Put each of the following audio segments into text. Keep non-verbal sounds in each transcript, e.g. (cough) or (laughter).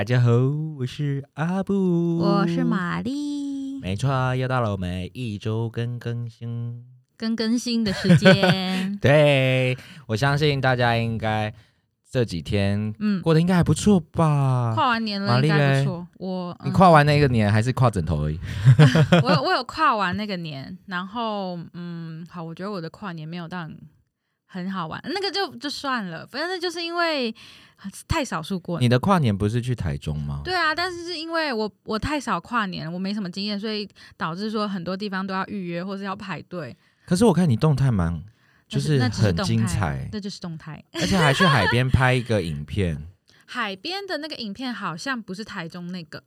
大家好，我是阿布，我是瑪莉，沒錯，又到了我們一周更更新、更更新的時間。 (laughs) 對，我相信大家應該這幾天，嗯，過得應該還不錯吧？嗯、跨完年了應該不錯，瑪莉呢？我、嗯、你跨完那個年還是跨枕頭而已？ (laughs) (laughs) 我有我有跨完那個年，然後嗯，好，我覺得我的跨年沒有到。很好玩，那個就就算了。反正就是因為太少數過。你的跨年不是去台中嗎？對啊，但是是因為我我太少跨年，我沒什麼經驗，所以導致說很多地方都要預約或是要排隊。可是我看你動態蠻，就是很精彩，那就是，是動態，而且還去海邊拍一個影片。 (laughs) 海邊的那個影片好像不是台中那個，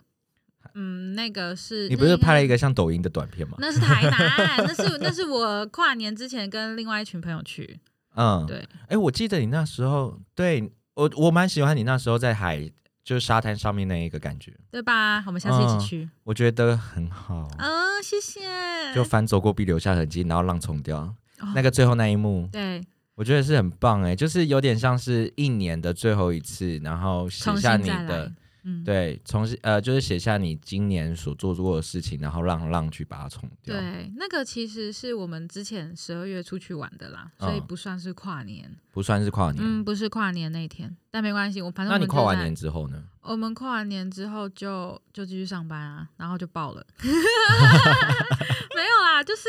嗯，那個是你不是拍了一個像抖音的短片嗎？那，那是台南，那是 (laughs) 那是我跨年之前跟另外一群朋友去。嗯，對，哎，我記得你那時候，對，我我蠻喜歡你那時候在海，就是沙灘上面那一個感覺，對吧？我們下次一起去，嗯、我覺得很好啊、哦，謝謝。就凡走過必留下痕跡，然後浪沖掉、哦、那個最後那一幕，對我覺得是很棒哎、欸，就是有點像是一年的最後一次，然後寫下你的。嗯，對，重新，呃，就是寫下你今年所做過的事情，然後讓浪去把它沖掉。對，那個其實是我們之前十二月出去玩的啦，所以不算是跨年，嗯、不算是跨年，嗯，不是跨年那一天，但沒關係，我反正我那你跨完年之後呢？我們跨完年之後就就繼續上班啊，然後就爆了， (laughs) 沒有啦，就是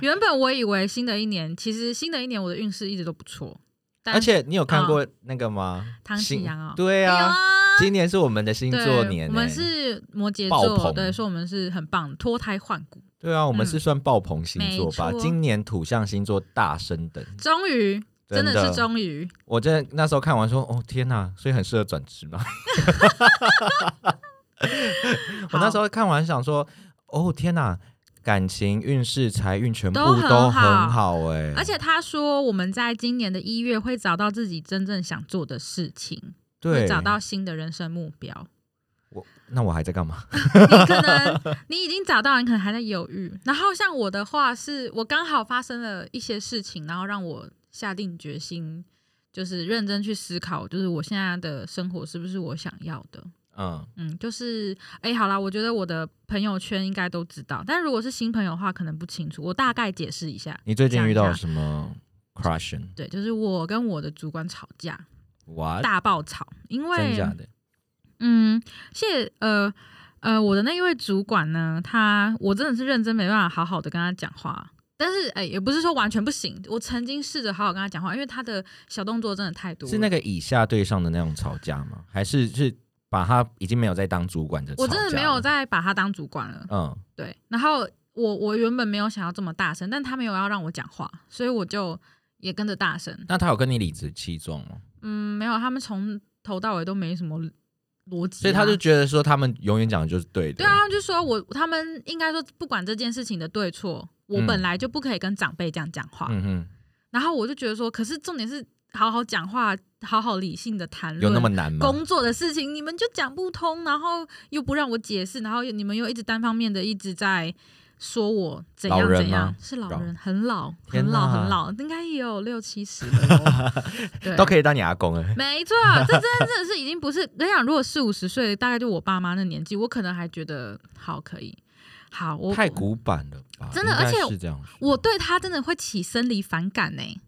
原本我以為新的一年，其實新的一年我的運勢一直都不錯。而且你有看過那個嗎？唐綺陽、哦哦、對啊，哎、呦今年是我們的星座年、欸，我們是摩羯座，棚對，說我們是很棒，脫胎換骨。對啊，我們是算爆棚星座吧？嗯、今年土象星座大升等，終於於，真的，真的是終於。我在那時候看完說，哦天哪、啊，所以很適合轉職嘛。 (laughs) (laughs) 好我那時候看完想說，哦天哪、啊。感情、運勢、財運全部都很好，欸，都很好，而且他說我們在今年的一月會找到自己真正想做的事情，對，找到新的人生目標。我那我還在幹嘛？ (laughs) 你可能你已經找到了，你可能還在猶豫。然後像我的話是，是我剛好發生了一些事情，然後讓我下定決心，就是認真去思考，就是我現在的生活是不是我想要的。嗯嗯，就是哎、欸，好啦，我覺得我的朋友圈應該都知道，但如果是新朋友的話，可能不清楚。我大概解釋一下。你最近遇到什麼 crushing？對，就是我跟我的主管吵架，哇，What? 大爆吵。因為真假的，嗯，謝呃呃，我的那一位主管呢，他我真的是認真沒辦法好好的跟他講話。但是哎、欸，也不是說完全不行，我曾經試着好好跟他講話，因為他的小動作真的太多了。是那個以下對上的那種吵架嗎？還是是？把他已經沒有再當主管的時候了，我真的沒有再把他當主管了。嗯，對。然後我我原本沒有想要這麼大聲，但他沒有要讓我講話，所以我就也跟着大聲。那他有跟你理直氣壯嗎？嗯，沒有。他們從頭到尾都沒什麼邏輯啊，所以他就覺得說他們永遠講的就是對的。對啊，他們就說我，他們應該說不管這件事情的對錯，我本來就不可以跟長輩這樣講話。嗯哼。然後我就覺得說，可是重點是好好講話。好好理性的談論工作的事情，你們就講不通，然後又不讓我解釋，然後你們又一直單方面的一直在說我怎樣怎樣，老人嗎？是老人，很老，很老，很老，應該也有六七十了， (laughs) 對都可以當你阿公、欸、沒錯，這真的是已經不是，我想如果四五十歲，大概就我爸媽那年紀，我可能還覺得好可以，好，我太古板了吧，真的，而且我，我對他真的會起生理反感呢、欸。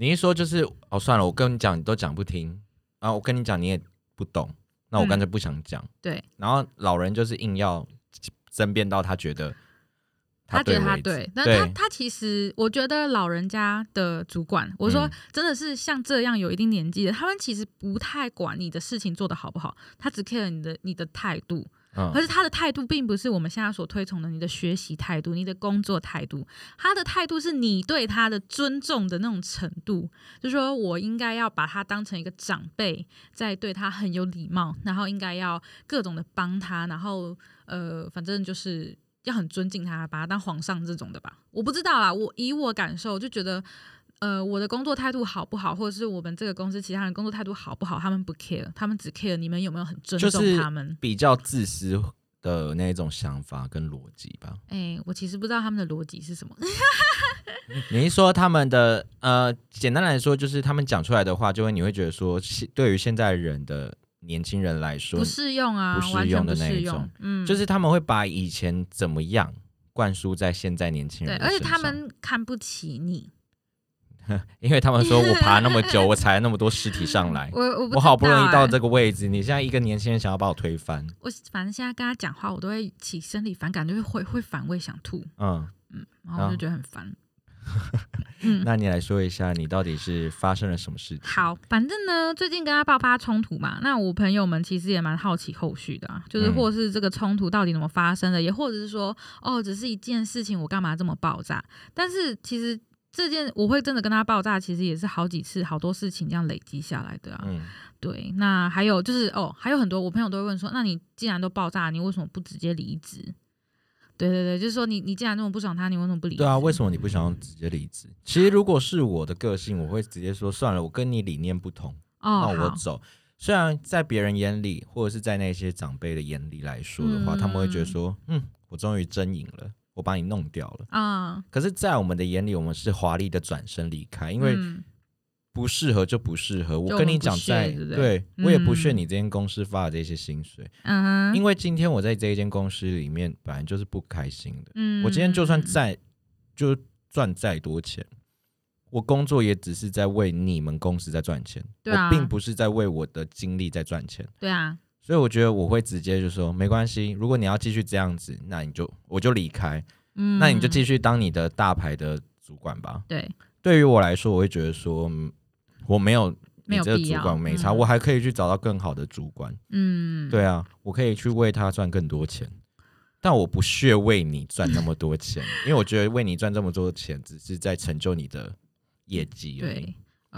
你一說就是哦，算了，我跟你講，你都講不聽啊！我跟你講，你也不懂。那我乾脆不想講。嗯，對。然後老人就是硬要爭辯到他覺得他，他覺得他對，對，但他他其實，我覺得老人家的主管，嗯、我說真的是像這樣有一定年紀的，他們其實不太管你的事情做得好不好，他只 care 你的你的態度。可是他的態度並不是我們現在所推崇的，你的學習態度，你的工作態度，他的態度是你對他的尊重的那種程度，就是說我應該要把他當成一個長輩，在對他很有禮貌，然後應該要各種的幫他，然後呃，反正就是要很尊敬他，把他當皇上這種的吧，我不知道啦，我以我感受就覺得。呃，我的工作態度好不好，或者是我們這個公司其他人工作態度好不好，他們不 care，他們只 care 你們有沒有很尊重他們，就是比較自私的那一種想法跟邏輯吧。哎、欸，我其實不知道他們的邏輯是什麼？ (laughs) 嗯、你一說他們的呃，簡單來說，就是他們講出來的話，就會你會覺得說，對於現在人的年輕人來說不適用啊，不適用的那一種，嗯，就是他們會把以前怎麼樣灌輸在現在年輕人，對，而且他們看不起你。因為他們說，我爬那麼久， (laughs) 我踩了那麼多屍體上來，我我、欸、我好不容易到這個位置，你現在一個年輕人想要把我推翻，我反正現在跟他講話，我都會起生理反感，就是會會反胃想吐，嗯嗯，然後我就覺得很煩。啊嗯、 (laughs) 那你來說一下，你到底是發生了什麼事情？好，反正呢，最近跟他爆發衝突嘛，那我朋友們其實也蠻好奇後續的、啊，就是或是這個衝突到底怎麼發生的，嗯、也或者是說，哦，只是一件事情，我幹嘛這麼爆炸？但是其實。這件我會真的跟他爆炸，其實也是好幾次，好多事情這樣累積下來的啊。嗯、對，那還有就是哦，還有很多我朋友都會問說，那你既然都爆炸，你為什麼不直接離職？對對對，就是說你你既然那麼不爽他，你為什麼不離職？對啊，為什麼你不想要直接離職？嗯、其實如果是我的個性，我會直接說好算了，我跟你理念不同，哦、那我走。好雖然在別人眼裡，或者是在那些長輩的眼裡來說的話，嗯、他們會覺得說，嗯、嗯，我終於真贏了。我把你弄掉了啊！哦、可是，在我們的眼裡，我們是華麗的轉身離開，因為不適合就不適合。嗯、我跟你講，在對、嗯、我也不屑你這間公司發的這些薪水，嗯、因為今天我在這一間公司裡面本來就是不開心的。嗯，我今天就算再、嗯、就賺再多錢，我工作也只是在為你們公司在賺錢，對啊、我並不是在為我的精力在賺錢。對啊。所以我覺得我會直接就說沒關係，如果你要繼續這樣子，那你就我就離開，嗯，那你就繼續當你的大牌的主管吧。對，對於我來說，我會覺得說，我沒有你這個主管沒差，沒有必要，嗯、我還可以去找到更好的主管。嗯，對啊，我可以去為他賺更多錢，但我不屑為你賺那麼多錢， (laughs) 因為我覺得為你賺這麼多錢只是在成就你的業績而已。對。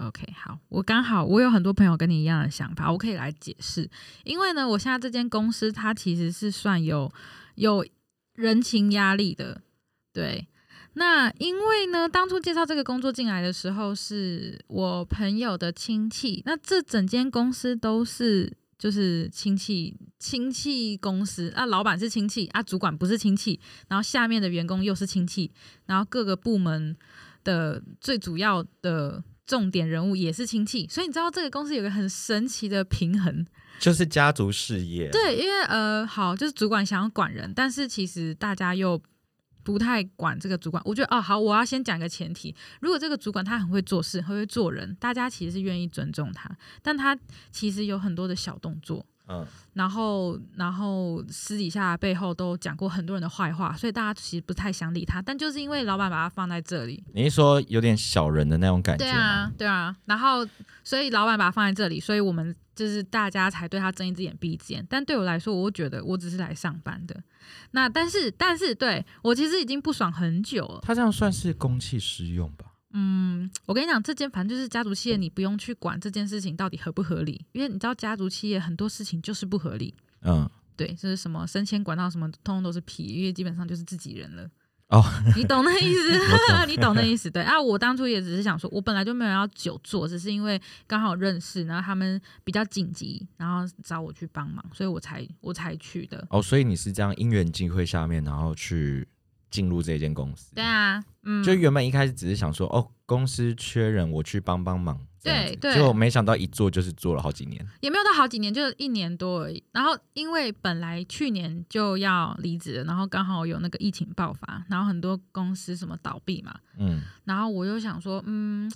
OK，好，我剛好我有很多朋友跟你一樣的想法，我可以來解釋。因為呢，我現在這間公司它其實是算有有人情壓力的。對，那因為呢，當初介紹這個工作進來的時候，是我朋友的親戚。那這整間公司都是就是親戚親戚公司，啊，老闆是親戚啊，主管不是親戚，然後下面的員工又是親戚，然後各個部門的最主要的。重點人物也是親戚，所以你知道這個公司有個很神奇的平衡，就是家族事業。對，因為呃，好，就是主管想要管人，但是其實大家又不太管這個主管。我覺得哦，好，我要先講一個前提，如果這個主管他很會做事，很會做人，大家其實是願意尊重他，但他其實有很多的小動作。嗯，然後然後私底下背後都講過很多人的壞話，所以大家其實不太想理他。但就是因為老闆把他放在這裡，你一說有點小人的那種感覺？對啊，對啊。然後所以老闆把他放在這裡，所以我們就是大家才對他睜一只眼閉一只眼。但對我來說，我覺得我只是來上班的。那但是但是，對，我其實已經不爽很久了。他這樣算是公器私用吧？嗯，我跟你講，這間反正就是家族企業，你不用去管這件事情到底合不合理，因為你知道家族企業很多事情就是不合理。嗯，對，就是什麼升遷管道什麼，通通都是屁，因為基本上就是自己人了。哦，你懂那意思？懂 (laughs) 你懂那意思？對啊，我當初也只是想說，我本來就沒有要久做，只是因為剛好認識，然後他們比較緊急，然後找我去幫忙，所以我才我才去的。哦，所以你是這樣因緣際會下面，然後去。進入這間公司，對啊，嗯，就原本一開始只是想說，哦，公司缺人，我去幫幫忙。對，對對，就沒想到一做就是做了好幾年，也沒有到好幾年，就是一年多而已。然後因為本來去年就要離職，然後剛好有那個疫情爆發，然後很多公司什麼倒閉嘛，嗯，然後我就想說，嗯，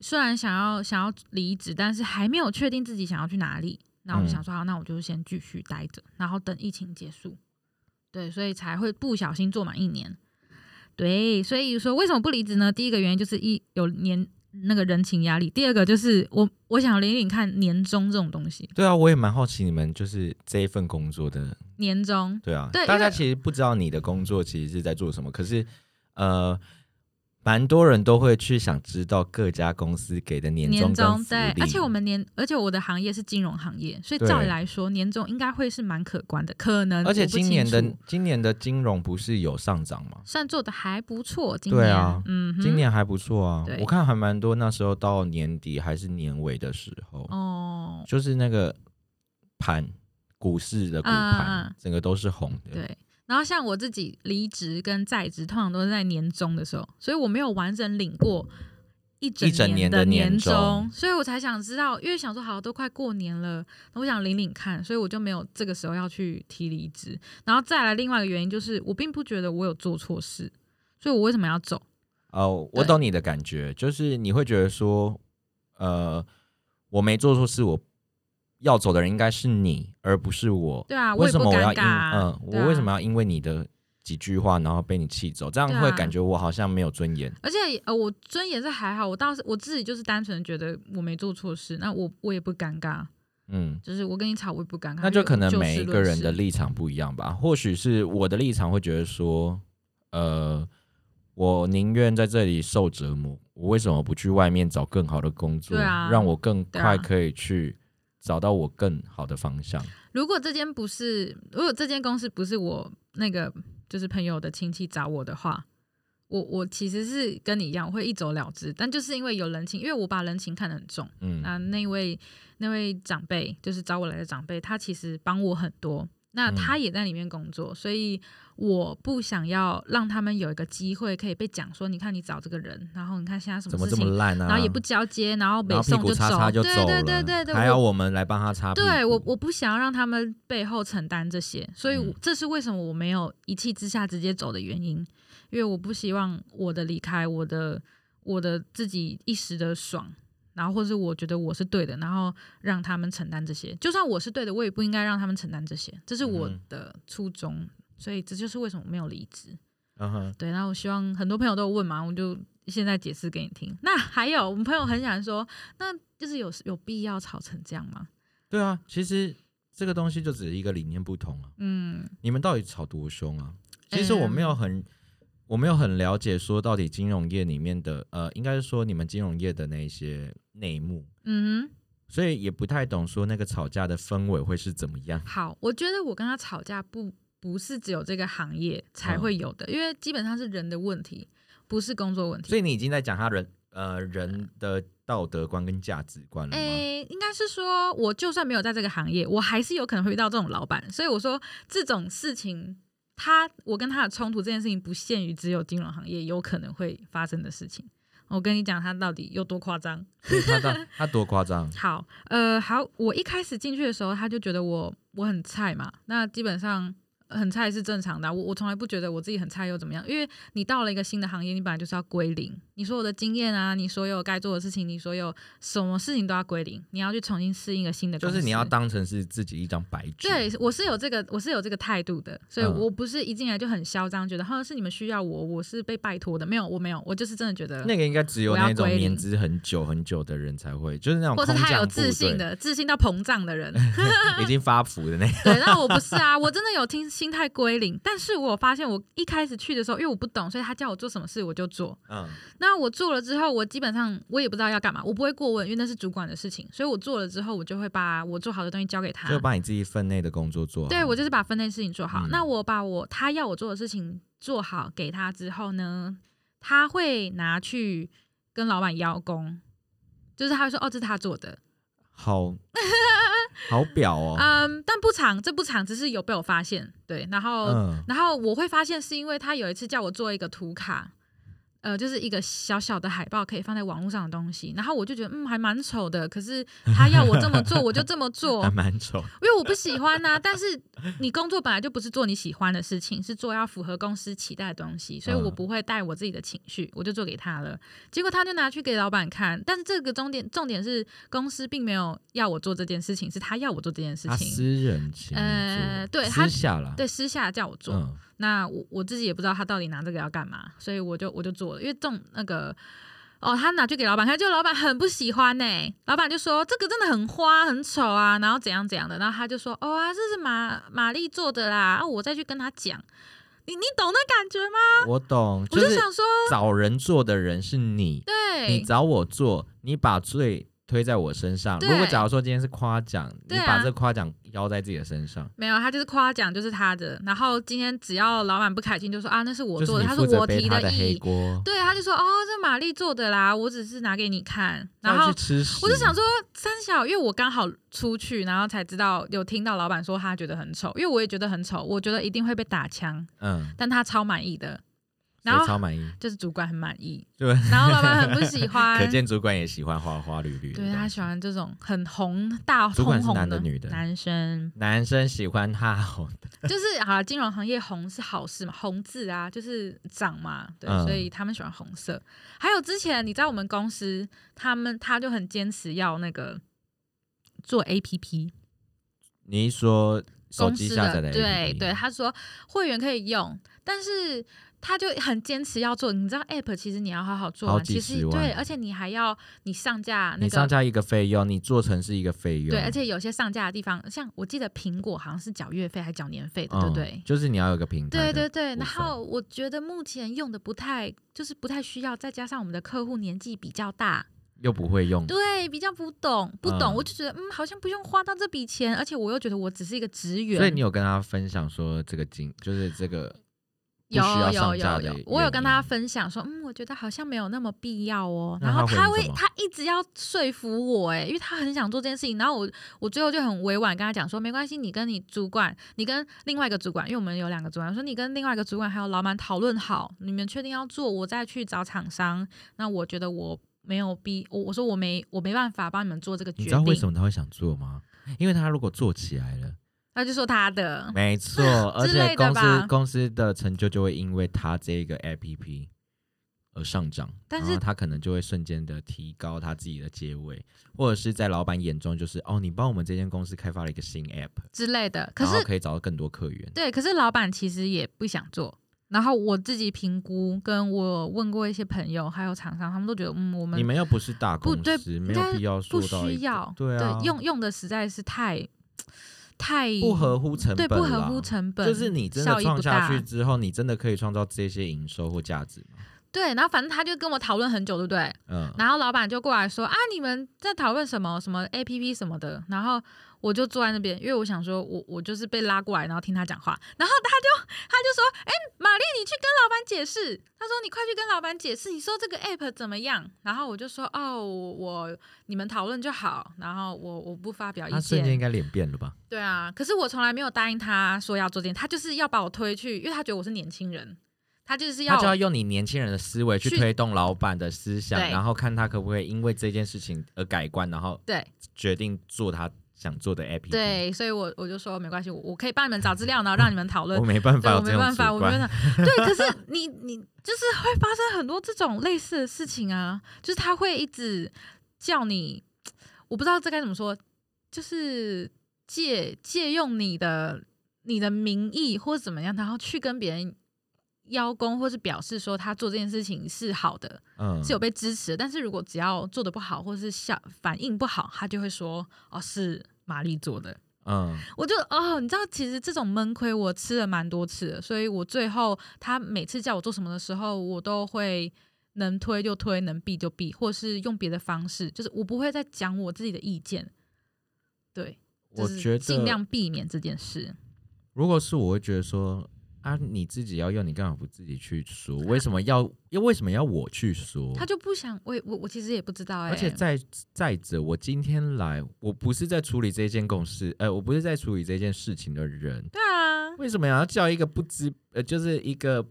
雖然想要想要離職，但是還沒有確定自己想要去哪裡，那我想說，嗯、好，那我就先繼續待着，然後等疫情結束。對，所以才會不小心做滿一年。對，所以說為什麼不離職呢？第一個原因就是一有年那個人情壓力，第二個就是我我想領領看年終這種東西。對啊，我也蠻好奇你們就是這一份工作的年終。對啊，對，大家其實不知道你的工作其實是在做什麼，嗯，可是呃。蠻多人都會去想知道各家公司給的年終、年終。對，而且我們年，而且我的行業是金融行業，所以照理來說，對年終應該會是蠻可觀的，可能。而且今年的今年的金融不是有上漲嗎？算做的還不錯，今年，對啊、嗯哼，今年還不錯啊。對我看還蠻多，那時候到年底還是年尾的時候，哦，就是那個盤股市的股盤，啊、整個都是紅的，對。然後像我自己離職跟在職，通常都是在年終的時候，所以我沒有完整領過一整年的年終，年年終，所以我才想知道，因為想說好都快過年了，我想領領看，所以我就沒有這個時候要去提離職。然後再來另外一個原因就是，我並不覺得我有做錯事，所以我為什麼要走？哦，我懂你的感覺，對就是你會覺得說，呃，我沒做錯事，我。要走的人應該是你，而不是我。對啊，為什麼我,、啊、我要？嗯，啊、我為什麼要因為你的幾句話，然後被你氣走？這樣會感覺我好像沒有尊嚴、啊。而且，呃，我尊嚴是還好，我倒是我自己就是單純覺得我沒做錯事，那我我也不尷尬。嗯，就是我跟你吵，我也不尷尬。那就可能每一個人的立場不一樣吧。啊、或許是我的立場會覺得說，呃，我寧願在這裡受折磨，我為什麼不去外面找更好的工作？啊、讓我更快可以去、啊。找到我更好的方向。如果這間不是，如果這間公司不是我那個就是朋友的親戚找我的話，我我其實是跟你一樣會一走了之。但就是因為有人情，因為我把人情看得很重。嗯，啊，那那位那位長輩就是找我來的長輩，他其實幫我很多。那他也在裡面工作，嗯、所以我不想要讓他們有一個機會可以被講說，你看你找這個人，然後你看現在什麼事情，怎麼這麼爛啊、然後也不交接，然後沒送就走，對對對對對，還要我們來幫他擦屁股。我對我我不想要讓他們背後承擔這些，所以、嗯、這是為什麼我沒有一氣之下直接走的原因，因為我不希望我的離開，我的我的自己一時的爽。然後或是我覺得我是對的，然後讓他們承擔這些，就算我是對的，我也不應該讓他們承擔這些，這是我的初衷，嗯哼，所以這就是為什麼我沒有離職。嗯哼，對，然後我希望很多朋友都問嘛，我就現在解釋給你聽。那還有我們朋友很想說，那就是有有必要吵成這樣嗎？對啊，其實這個東西就只是一個理念不同啊。嗯。你們到底吵多凶啊？其實我沒有很。嗯我沒有很了解說到底金融業裡面的呃，應該是說你們金融業的那些內幕，嗯哼，所以也不太懂說那個吵架的氛圍會是怎麼樣。好，我覺得我跟他吵架不不是只有這個行業才會有的，嗯、因為基本上是人的問題，不是工作問題。所以你已經在講他人呃人的道德觀跟價值觀了嗎？欸、應該是說我就算沒有在這個行業，我還是有可能會遇到這種老闆。所以我說這種事情。他，我跟他的衝突這件事情不限於只有金融行業有可能會發生的事情。我跟你講，他到底有多誇張？誇張？他多誇張？ (laughs) 好，呃，好，我一開始進去的時候，他就覺得我我很菜嘛。那基本上很菜是正常的。我我從來不覺得我自己很菜又怎麼樣？因為你到了一個新的行業，你本來就是要歸零。你說我的經驗啊，你所有該做的事情，你所有什麼事情都要歸零，你要去重新適應一個新的，就是你要當成是自己一張白紙。對，我是有這個，我是有這個態度的，所以我不是一進來就很囂張，覺得好像是你們需要我，我是被拜托的。沒有，我沒有，我就是真的覺得那個應該只有那種年資很久很久的人才會，就是那種或是太有自信的，對自信到膨脹的人， (laughs) (laughs) 已經發福的那個。 (laughs) 對，那我不是啊，我真的有聽心態歸零，但是我發現我一開始去的時候，因為我不懂，所以他叫我做什麼事我就做，嗯。那我做了之後，我基本上我也不知道要幹嘛，我不會過問，因為那是主管的事情。所以我做了之後，我就會把我做好的東西交給他，就把你自己分內的工作做好。對，我就是把分內事情做好。嗯、那我把我他要我做的事情做好給他之後呢，他會拿去跟老板邀功，就是他會說：“哦，這是他做的，好好表哦。” (laughs) 嗯，但不常，這不常，只是有被我發現。對，然後、嗯、然後我會發現是因為他有一次叫我做一個圖卡。呃，就是一個小小的海報，可以放在網絡上的東西。然後我就覺得，嗯，還蠻醜的。可是他要我這麼做， (laughs) 我就這麼做。還蠻醜，因為我不喜歡吶、啊。 (laughs) 但是你工作本來就不是做你喜歡的事情，是做要符合公司期待的東西，所以我不會帶我自己的情緒，嗯、我就做給他了。結果他就拿去給老闆看。但是這個重點，重點是公司並沒有要我做這件事情，是他要我做這件事情。私人情呃，對，他對，私下叫我做。嗯那我我自己也不知道他到底拿這個要幹嘛，所以我就我就做了，因為這種那個哦，他拿去給老闆看，結果老闆很不喜歡呢、欸，老闆就說這個真的很花很醜啊，然後怎樣怎樣的，然後他就說哦啊，這是瑪瑪麗做的啦，那、啊、我再去跟他講，你你懂那感覺嗎？我懂，我就想、是、說找人做的人是你，對，你找我做，你把最。推在我身上。對如果假如說今天是誇獎，啊、你把這誇獎邀在自己的身上，沒有，他就是誇獎就是他的。然後今天只要老闆不開心，就說啊，那是我做的。是他說我提他的黑鍋。對，他就說哦，這瑪麗做的啦，我只是拿給你看。然後吃我就想說，三小，因為我剛好出去，然後才知道有聽到老闆說他覺得很醜，因為我也覺得很醜，我覺得一定會被打槍。嗯，但他超滿意的。超滿意然後，就是主管很滿意。對，然後老闆很不喜歡， (laughs) 可見主管也喜歡花花綠綠。對，他喜歡這種很紅大、紅紅的。男生男的女的，男生喜歡哈紅的 (laughs) 就是啊，金融行業紅是好事嘛，紅字啊，就是漲嘛。對，嗯、所以他們喜歡紅色。還有之前你在我們公司，他們他就很堅持要那個做 APP。你說手機下載的，的對對，他說會員可以用，但是。他就很堅持要做，你知道，app 其實你要好好做，好其實對，而且你還要你上架，那個、你上架一個費用，你做成是一個費用，對。而且有些上架的地方，像我記得蘋果好像是繳月費還是繳年費的，嗯、對不對，對？就是你要有個平台，對對對。然後我覺得目前用的不太，就是不太需要，再加上我們的客戶年紀比較大，又不會用，對，比較不懂，不懂，嗯、我就覺得嗯，好像不用花到這筆錢，而且我又覺得我只是一個職員，所以你有跟他分享說這個經，就是這個。有有有有，有，我有跟他分享說，嗯，我覺得好像沒有那麼必要哦、喔。然後他會，他一直要說服我、欸，誒，因為他很想做這件事情。然後我，我最後就很委婉跟他講說，沒關係，你跟你主管，你跟另外一個主管，因為我們有兩個主管，說你跟另外一個主管還有老板討論好，你們確定要做，我再去找廠商。那我覺得我沒有必，我，我說我沒我沒辦法幫你們做這個決定。你知道為什麼他會想做嗎？因為他如果做起來了。那就說他的沒錯，而且公司公司的成就就會因為他這個 APP 而上漲，但是他可能就會瞬間的提高他自己的階位，或者是在老闆眼中就是哦，你幫我們這間公司開發了一個新 APP 之類的，可是然後可以找到更多客源。對，可是老闆其實也不想做。然後我自己評估，跟我問過一些朋友還有廠商，他們都覺得嗯，我們你們又不是大公司，沒有必要說需要對啊，對用用的實在是太，太不合乎成本，對，不合乎成本。就是你真的創下去之後，你真的可以創造這些營收或價值嗎？對，然後反正他就跟我討論很久，對不對？嗯，然後老闆就過來說啊，你們在討論什麼，什麼 A P P 什麼的，然後。我就坐在那邊，因為我想說我，我我就是被拉過來，然後聽他講話。然後他就他就說：“哎、欸，瑪莉，你去跟老闆解釋。”他說：“你快去跟老闆解釋，你說這個 app 怎麼樣？”然後我就說：“哦，我，我你們討論就好。”然後我我不發表意見。他瞬間應該臉變了吧？對啊，可是我從來沒有答應他說要做這件事，他就是要把我推去，因為他覺得我是年輕人，他就是要就要用你年輕人的思維去推動老闆的思想，對然後看他可不可以因為這件事情而改觀，然後對，決定做他，想做的 app，對，所以我我就說沒關係，我可以幫你們找資料，然後讓你們討論。我沒辦法，我沒辦法， (laughs) 我沒辦法。對，可是你你就是會發生很多這種類似的事情啊，就是他會一直叫你，我不知道這該怎麼說，就是借借用你的你的名義或者怎麼樣，然後去跟別人。邀功，或是表示說他做這件事情是好的，嗯、是有被支持的。但是如果只要做的不好，或是效反應不好，他就會說，哦，是瑪麗做的，嗯，我就哦，你知道其實這種悶虧我吃了蠻多次，所以我最後他每次叫我做什麼的時候，我都會能推就推，能避就避，或是用別的方式，就是我不會再講我自己的意見，對，就是盡量避免這件事。我覺得，如果是我會覺得說。啊，你自己要用，你幹嘛不自己去說？為什麼要，又為什麼要我去說？他就不想，我我我其實也不知道哎、欸。而且再再者，我今天來，我不是在處理這件公事，呃，我不是在處理這件事情的人。對啊，為什麼要叫一個不知，呃，就是一個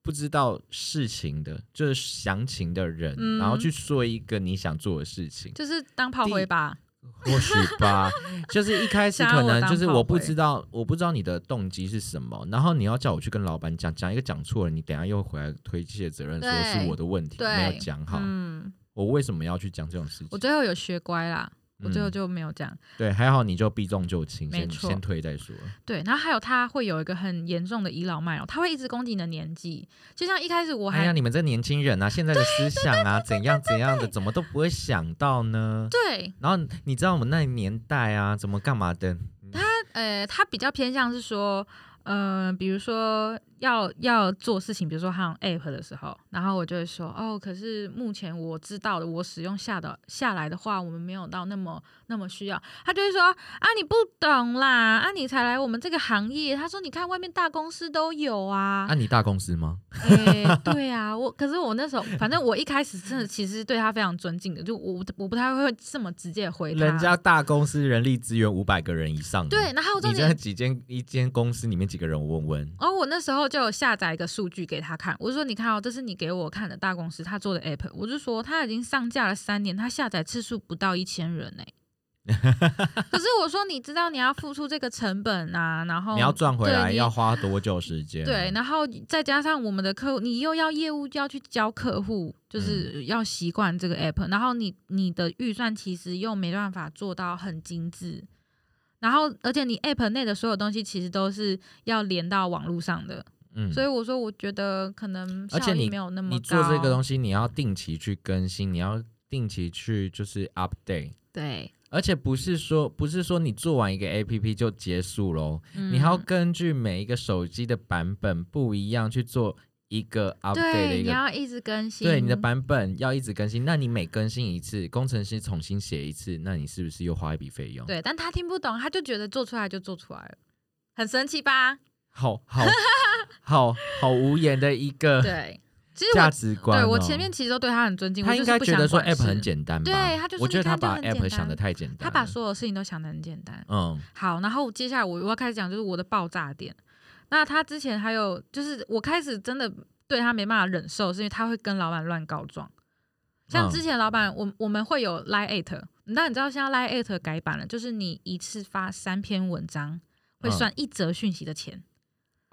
不知道事情的，就是詳情的人，嗯、然後去說一個你想做的事情，就是當炮灰吧。或許吧， (laughs) 就是一開始可能就是我不知道，我不知道你的動機是什麼，然後你要叫我去跟老闆講，講一個講錯了，你等下又回來推卸責任說，說對是我的問題對沒有講好，嗯，我為什麼要去講這種事情？我最後有學乖啦。我最後就沒有這樣，嗯，對，還好你就避重就輕，嗯，先沒錯，先退再說。對，然後還有他會有一個很嚴重的倚老賣老，喔，他會一直攻擊你的年紀，就像一開始我還，哎呀，你們這年輕人啊，現在的思想啊，怎樣怎樣的，怎麼都不會想到呢？對，然後你知道我們那年代啊，怎麼幹嘛的？他呃，他比較偏向是說，嗯，呃，比如說。要要做事情，比如說用 App 的時候，然後我就會說哦，可是目前我知道的，我使用下的下來的話，我們沒有到那麼那麼需要。他就會說啊，你不懂啦，啊，你才來我們這個行業。他說，你看外面大公司都有啊。那，你大公司嗎？哎 (laughs) 欸，對啊，我可是我那時候，反正我一開始真的其實對他非常尊敬的，就我我不太會這麼直接回來。人家大公司人力資源五百個人以上。對，然後你在幾間一間公司裡面幾個人？問問。然、哦、我那時候。就下載一個數據給他看，我就說你看哦、喔，這是你給我看的大公司他做的 app，我就說他已經上架了三年，他下載次數不到一千人哎、欸。 (laughs) 可是我說你知道你要付出這個成本啊，然後你要賺回來要花多久時間？對，然後再加上我們的客戶，你又要業務就要去教客戶，就是要習慣這個 app，、嗯、然後你你的預算其實又沒辦法做到很精致，然後而且你 app 內的所有東西其實都是要連到網路上的。嗯，所以我說，我覺得可能而且你沒有那麼高。你做這個東西，你要定期去更新，你要定期去就是 update。對，而且不是說不是說你做完一個 APP 就結束嘍，嗯，你還要根據每一個手機的版本不一樣去做一個 update。對，你要一直更新。對，你的版本要一直更新。那你每更新一次，工程師重新寫一次，那你是不是又花一筆費用？對，但他聽不懂，他就覺得做出來就做出來了，很神奇吧？好，好。 (laughs) 好好，無言的一個，對價值觀、哦，對，我前面其實都對他很尊敬，他應該覺得說 App 很簡單吧。對，他就是我覺得他把 App 想的太簡單，他把所有事情都想的很簡單。嗯，好，然後接下來我我要開始講就是我的爆炸點。那他之前還有就是我開始真的對他沒辦法忍受，是因為他會跟老板亂告狀。像之前老板，我、嗯、我們會有 LINE@，那你知道現在 LINE@ 改版了，就是你一次發三篇文章會算一則訊息的錢。嗯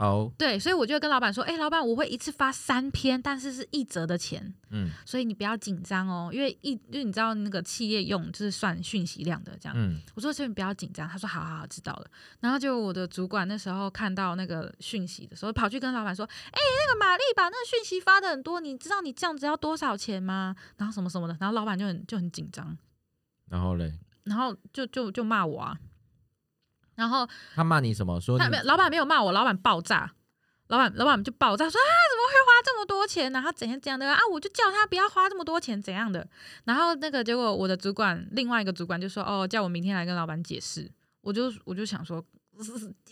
哦，oh. 對，所以我就跟老闆說，哎、欸，老闆，我會一次發三篇，但是是一折的錢。嗯，所以你不要緊張哦，因為一，因為你知道那個企業用就是算訊息量的這樣。嗯，我說請你不要緊張，他說好好好，知道了。然後就我的主管那時候看到那個訊息的時候，跑去跟老闆說，哎、欸，那個瑪麗把那個訊息發的很多，你知道你這樣子要多少錢嗎？然後什麼什麼的，然後老闆就很就很緊張。然後嘞？然後就就就罵我啊。然後他罵你什麼？說他沒有，老闆沒有罵我，老闆爆炸，老闆老闆就爆炸說，說啊怎麼會花這麼多錢呢？啊？然後怎樣怎樣的啊，啊？我就叫他不要花這麼多錢怎樣的。然後那個結果，我的主管另外一個主管就說哦，叫我明天來跟老闆解釋。我就我就想說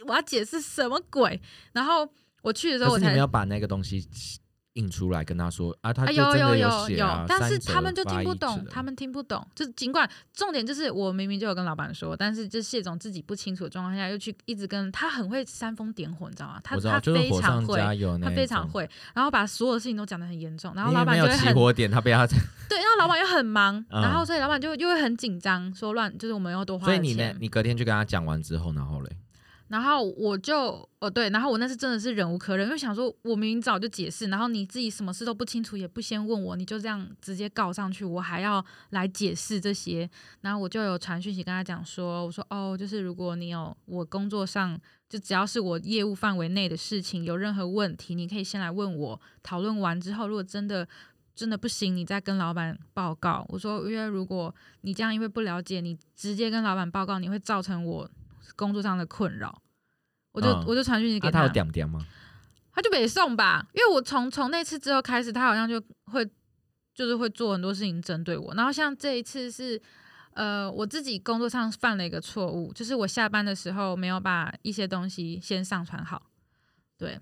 我要解釋什麼鬼？然後我去的時候，你們要把那個東西。印出來跟他說，啊，他真的有有有，啊哎，有，有有有折折，但是他們就聽不懂，他們聽不懂。就儘管重點就是，我明明就有跟老板說，嗯、但是就是蟹總自己不清楚的狀況下，又去一直跟他很會煽風點火，你知道嗎？他他非常會，就是，他非常會，然後把所有事情都講得很嚴重，然後老板有起火點他不要 (laughs) 對，然後老板又很忙，嗯、然後所以老板就又會很緊張，說亂就是我們要多花錢。所以你呢？你隔天去跟他講完之後呢？然後咧？然後我就哦，對，然後我那次真的是忍無可忍，因為想說我明早就解釋，然後你自己什麼事都不清楚，也不先問我，你就這樣直接告上去，我還要來解釋這些。然後我就有傳訊息跟他講說，我說哦，就是如果你有我工作上就只要是我業務範圍內的事情，有任何問題你可以先來問我，討論完之後如果真的真的不行，你再跟老板報告。我說因為如果你這樣，因為不了解，你直接跟老板報告，你會造成我。工作上的困擾，我就、哦、我就傳訊息給他。啊、他有掌掌嗎？他就沒送吧，因為我從從那次之後開始，他好像就會就是會做很多事情針對我。然後像這一次是，呃，我自己工作上犯了一個錯誤，就是我下班的時候沒有把一些東西先上傳好，對。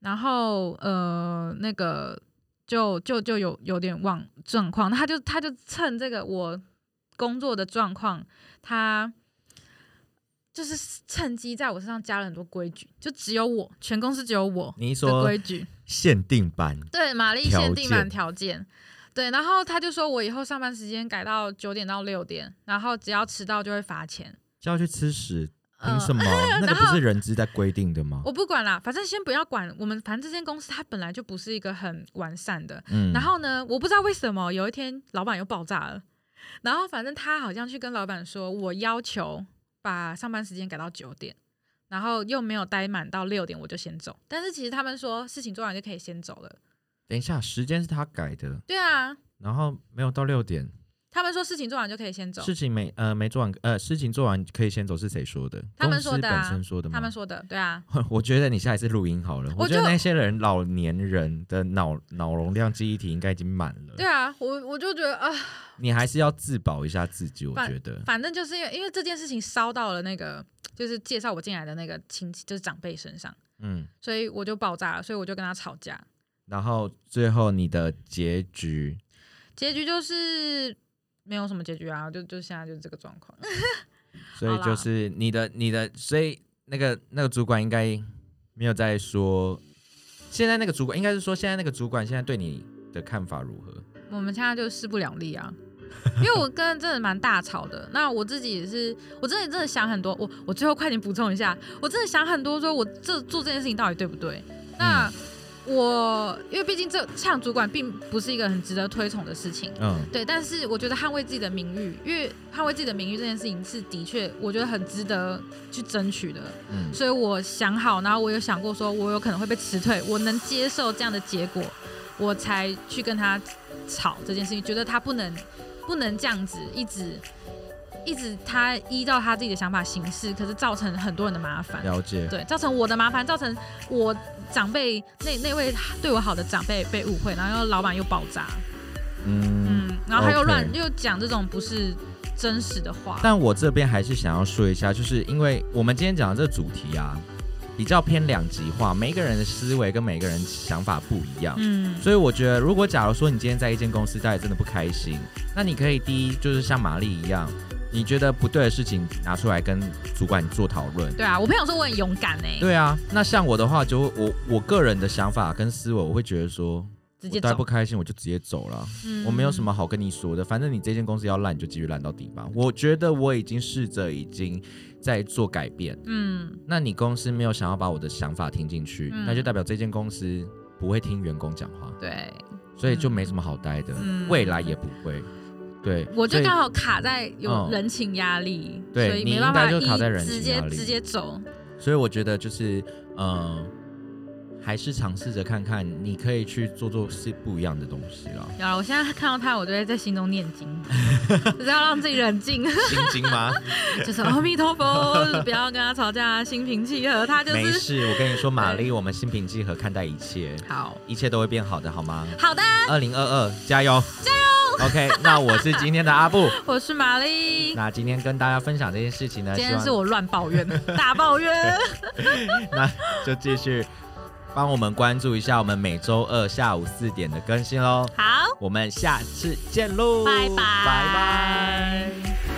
然後呃，那個就就就有有點忘狀況，他就他就趁這個我工作的狀況，他。就是趁機在我身上加了很多規矩，就只有我，全公司只有我。你說的規矩限定版，對，瑪麗限定版條件，條件對。然後他就說我以後上班時間改到九點到六點，然後只要遲到就會罰錢，就要去吃屎？憑什麼？呃、那不是人資在規定的嗎？我不管啦，反正先不要管我們，反正這間公司它本來就不是一個很完善的。嗯、然後呢，我不知道為什麼有一天老板又爆炸了，然後反正他好像去跟老板說，我要求。把上班時間改到九點，然後又沒有待滿到六點，我就先走。但是其實他們說事情做完就可以先走了。等一下，時間是他改的。對啊。然後沒有到六點。他們說事情做完就可以先走。事情沒，呃，沒做完呃，事情做完可以先走是誰說的？他們說的、啊、公司本身說的嗎？他們說的。對啊。我覺得你現在是錄音好了。我，就我覺得那些人就老年人的腦腦容量記憶體應該已經滿了。對啊，我我就覺得啊。呃、你還是要自保一下自己，我覺得。反，反正就是因為因為這件事情燒到了那個就是介紹我進來的那個親戚就是長輩身上，嗯，所以我就爆炸了，所以我就跟他吵架。然後最後你的結局？結局就是。沒有什麼結局啊，就就現在就是這個狀況， (laughs) 所以就是你的你的，所以那個那個主管應該沒有在說，現在那個主管應該是說現在那個主管現在對你的看法如何？我們現在就勢不兩立啊，因為我跟真的蠻大吵的。 (laughs) 那我自己也是，我真的我真的想很多，我我最後快點補充一下，我真的想很多，說我這做這件事情到底對不對？那，嗯我因為畢竟這嗆主管並不是一個很值得推崇的事情，嗯，對。但是我覺得捍衛自己的名譽，因為捍衛自己的名譽這件事情是的確我覺得很值得去爭取的，嗯。所以我想好，然後我有想過，說我有可能會被辭退，我能接受這樣的結果，我才去跟他吵這件事情，覺得他不能不能這樣子一直。一直他依照他自己的想法行事，可是造成很多人的麻煩。了解。對，造成我的麻煩，造成我長輩那那位對我好的長輩被誤會，然後老闆又爆炸，嗯，嗯，然後他又亂 Okay 又講這種不是真實的話。但我這邊還是想要說一下，就是因為我們今天講的這個主題啊，比較偏兩極化，每一個人的思維跟每個人的想法不一樣，嗯，所以我覺得如果假如說你今天在一間公司待得真的不開心，那你可以第一就是像瑪麗一樣。你覺得不對的事情拿出來跟主管做討論。對啊，我朋友說我很勇敢哎、欸。對啊，那像我的話就會，就我我個人的想法跟思維，我會覺得說，直接走，我待不開心我就直接走了，嗯、我沒有什麼好跟你說的。反正你這間公司要爛，你就繼續爛到底吧。我覺得我已經試着已經在做改變，嗯。那你公司沒有想要把我的想法聽進去，嗯、那就代表這間公司不會聽員工講話，對，所以就沒什麼好待的，嗯、未來也不會。對，我就剛好卡在有人情壓力，所以沒辦法，你直接直接走。所以我覺得就是，嗯，還是嘗試着看看，你可以去做做是不一樣的東西了。有啊，我現在看到他，我都會在心中念經，就是要讓自己冷靜。心經嗎？就是阿彌陀佛，不要跟他吵架，心平氣和。他就是，沒事，我跟你說，瑪麗，我們心平氣和看待一切。好，一切都會變好的，好嗎？好的。二零二二，加油！加油！OK，那我是今天的阿布， (laughs) 我是瑪莉。那今天跟大家分享這件事情呢，今天是我亂抱怨、 (laughs) 大抱怨。 (laughs) (laughs) 那就繼續幫我們關注一下我們每周二下午四點的更新嘍。好，我們下次見嘍，拜拜拜拜。Bye bye